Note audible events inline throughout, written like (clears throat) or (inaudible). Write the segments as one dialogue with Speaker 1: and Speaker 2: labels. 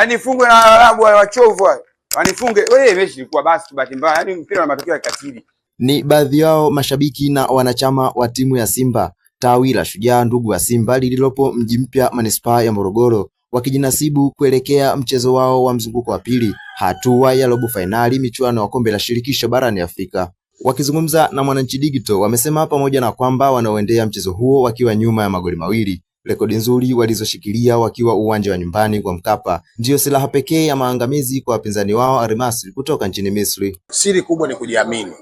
Speaker 1: Yaani fungwe na Waarabu wa wachovu wale. Wanifunge. Wewe mechi ilikuwa basi bahati mbaya. Yaani mpira na matokeo ya katili.
Speaker 2: Ni baadhi yao mashabiki na wanachama wa timu ya Simba tawi la Shujaa Ndugu wa Simba lililopo mji mpya manispaa ya Morogoro wakijinasibu kuelekea mchezo wao wa mzunguko wa pili hatua ya robo fainali michuano ya kombe la shirikisho barani Afrika. Wakizungumza na Mwananchi Digital, wamesema pamoja na kwamba wanaoendea mchezo huo wakiwa nyuma ya magoli mawili, Rekodi nzuri walizoshikilia wakiwa uwanja wa nyumbani kwa Mkapa ndiyo silaha pekee ya maangamizi kwa wapinzani wao Al Masry kutoka nchini Misri.
Speaker 3: Siri kubwa ni kujiamini,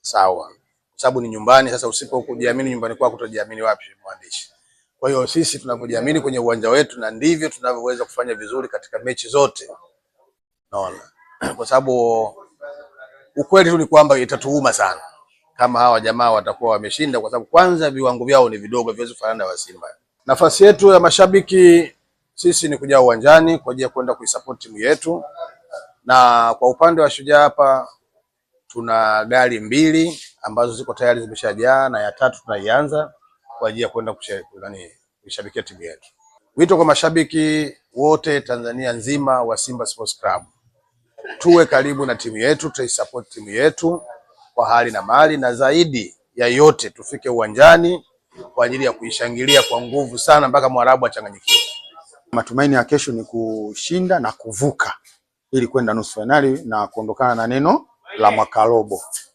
Speaker 3: sawa, kwa sababu ni nyumbani. Sasa usipokujiamini nyumbani kwako, utajiamini wapi, mwandishi? Kwa hiyo sisi tunavyojiamini kwenye uwanja wetu, na ndivyo tunavyoweza kufanya vizuri katika mechi zote, naona (clears throat) kwa sababu ukweli tu ni kwamba itatuuma sana kama hawa jamaa watakuwa wameshinda, kwa sababu kwanza viwango vyao ni vidogo, viwezi kufanana na Simba. Nafasi yetu ya mashabiki sisi ni kuja uwanjani kwa ajili ya kwenda kuisupport timu yetu, na kwa upande wa Shujaa hapa tuna gari mbili ambazo ziko tayari zimeshajaa na ya tatu tunaianza kwa ajili ya kwenda kushabikia timu yetu. Wito kwa mashabiki wote Tanzania nzima wa Simba Sports Club, tuwe karibu na timu yetu, tuisupport timu yetu kwa hali na mali, na zaidi ya yote tufike uwanjani kwa ajili ya kuishangilia kwa nguvu sana mpaka mwarabu achanganyikiwe.
Speaker 4: Matumaini ya kesho ni kushinda na kuvuka ili kwenda nusu fainali na kuondokana na neno la mwaka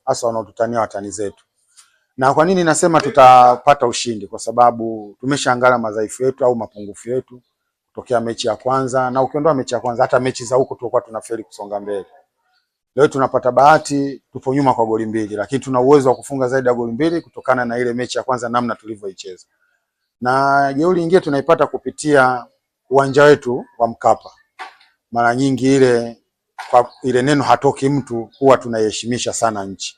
Speaker 4: hasa wanaotutania watani zetu. Na kwa nini nasema tutapata ushindi? Kwa sababu tumeshaangalia madhaifu yetu au mapungufu yetu tokea mechi ya kwanza, na ukiondoa mechi ya kwanza, hata mechi za huko tulikuwa tunafeli kusonga mbele. Leo tunapata bahati, tupo nyuma kwa goli mbili, lakini tuna uwezo wa kufunga zaidi ya goli mbili kutokana na ile mechi ya kwanza namna tulivyoicheza, na jeuri nyingine tunaipata kupitia uwanja wetu wa Mkapa. Mara nyingi ile kwa ile neno hatoki mtu huwa tunaiheshimisha sana nchi,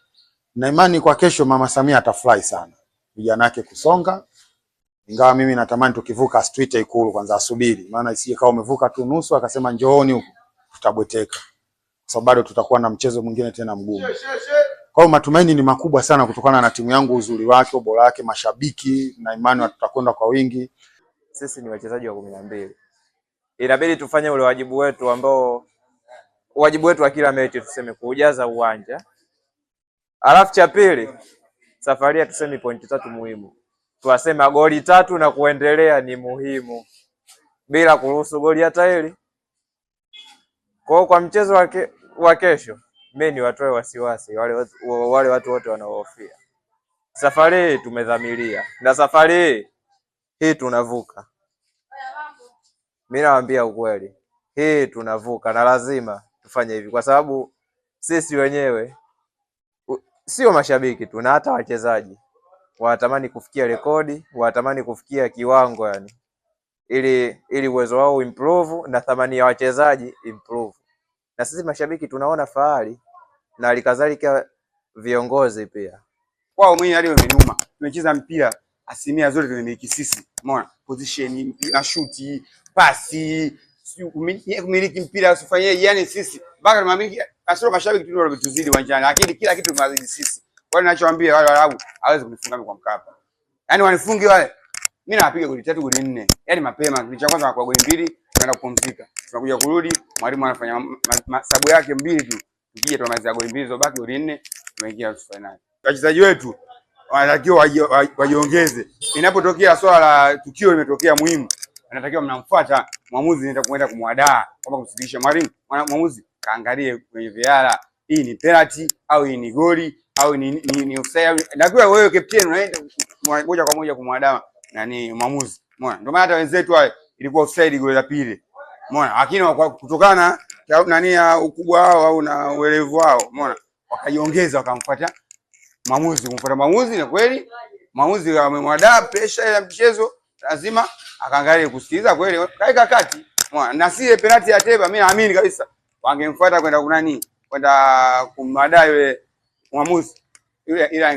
Speaker 4: na imani kwa kesho Mama Samia atafurahi sana vijana wake kusonga, ingawa mimi natamani tukivuka street Ikulu kwanza, asubiri, maana isije kama umevuka tu nusu akasema njooni huko tutabweteka kwa sababu bado tutakuwa na mchezo mwingine tena mgumu. Kwa hiyo matumaini ni makubwa sana kutokana na timu yangu, uzuri wake, ubora wake, mashabiki na imani, tutakwenda kwa wingi.
Speaker 5: Sisi ni wachezaji wa kumi na mbili, inabidi tufanye ule wajibu wetu ambao wajibu wetu wa kila mechi, tuseme kuujaza uwanja. Alafu cha pili, safaria tuseme pointi tatu muhimu, tuwasema goli tatu na kuendelea ni muhimu, bila kuruhusu goli hata hili kwa kwa mchezo wa kesho, mimi niwatoe wasiwasi wale, wale watu wote wanaohofia. Safari hii tumedhamiria, na safari hii hii tunavuka. Mimi nawaambia ukweli, hii tunavuka na lazima tufanye hivi, kwa sababu sisi wenyewe sio mashabiki tu, na hata wachezaji wanatamani kufikia rekodi, wanatamani kufikia kiwango yani ili ili uwezo wao improve na thamani ya wachezaji improve, na sisi mashabiki tunaona fahari na alikadhalika viongozi pia
Speaker 6: kwao mwenye hali wamenuma. Tumecheza mpira asilimia zote tumemiliki sisi, umeona position, na shoot, pasi, kumiliki mpira usifanyie yani sisi mpaka tumamiliki asio Mashabiki tunao wametuzidi uwanjani, lakini kila kitu tumewazidi sisi. Kwa hiyo ninachowaambia wale Waarabu hawezi kunifunga kwa Mkapa, Yaani wanifunge wale mimi napiga goli tatu goli nne. yani mapema kipindi cha kwanza kwa goli mbili tunaenda kupumzika. Tunakuja kurudi, mwalimu anafanya masabu yake mbili tu. Tukija tunamaliza goli mbili baki goli nne tunaingia nusu finali. Wachezaji wetu wanatakiwa wajiongeze. Inapotokea swala la tukio limetokea muhimu, anatakiwa mnamfuata mwamuzi, nenda kuenda kumwadaa kwamba kumsikilisha mwalimu, mwamuzi kaangalie kwenye viara, hii ni penalty au hii ni goli au ni ni, ni ni offside. Ndio wewe kapteni unaenda moja kwa moja kumwadaa nani mwamuzi. Umeona? Ndio maana hata wenzetu wale ilikuwa offside goli la pili. Umeona? Lakini kutokana nani ya ukubwa wao au na uelevu wao, umeona? Wakajiongeza wakamfuata mwamuzi, kumfuata mwamuzi na kweli mwamuzi amemwada pressure ya mchezo, lazima akaangalie kusikiliza kweli kaika kati. Umeona? Na si penalty ya Teba, mimi naamini kabisa wangemfuata kwenda kunani? Kwenda kumwadaa yule mwamuzi yule, ila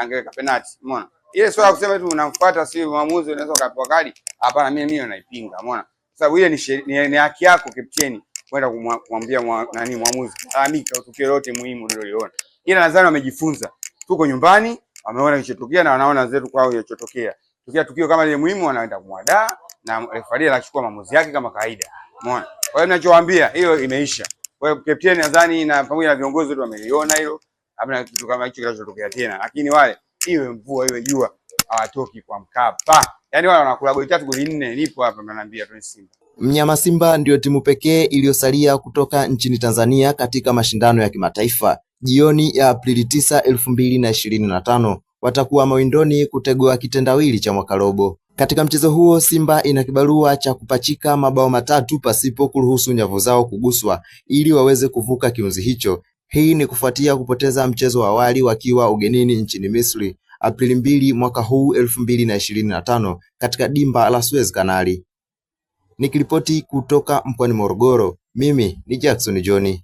Speaker 6: angeweka penalty. Umeona? ile swala kusema tu unamfuata si maamuzi unaweza ukapewa kali. Hapana, mimi mimi naipinga, umeona? Sababu ile ni ni haki yako kapteni kwenda kumwambia nani mwamuzi alamika tukio lote muhimu ndio liona. ila nadhani wamejifunza, tuko nyumbani, wameona kilichotokea na wanaona zetu kwao kilichotokea tukia tukio kama ile muhimu, wanaenda kumwada na refaria anachukua maamuzi yake kama kawaida, umeona? Kwa hiyo ninachowaambia hiyo imeisha. Kwa hiyo kapteni nadhani na pamoja na viongozi wetu wameliona hilo, Hapana kitu kama hicho kinachotokea tena, lakini wale iwe mvua iwe jua, hawatoki kwa Mkapa. Yani wao wanakula goli tatu goli nne, nipo hapa mnaniambia tu Simba.
Speaker 2: Mnyama Simba ndiyo timu pekee iliyosalia kutoka nchini Tanzania katika mashindano ya kimataifa. Jioni ya Aprili tisa elfu mbili na ishirini na tano watakuwa mawindoni kutegua kitendawili cha mwaka robo. Katika mchezo huo Simba ina kibarua cha kupachika mabao matatu pasipo kuruhusu nyavu zao kuguswa ili waweze kuvuka kiunzi hicho hii ni kufuatia kupoteza mchezo wa awali wakiwa ugenini nchini Misri Aprili mbili mwaka huu elfu mbili na ishirini na tano katika dimba la Suez Kanali. Nikiripoti kutoka mkoani Morogoro, mimi ni Jackson John.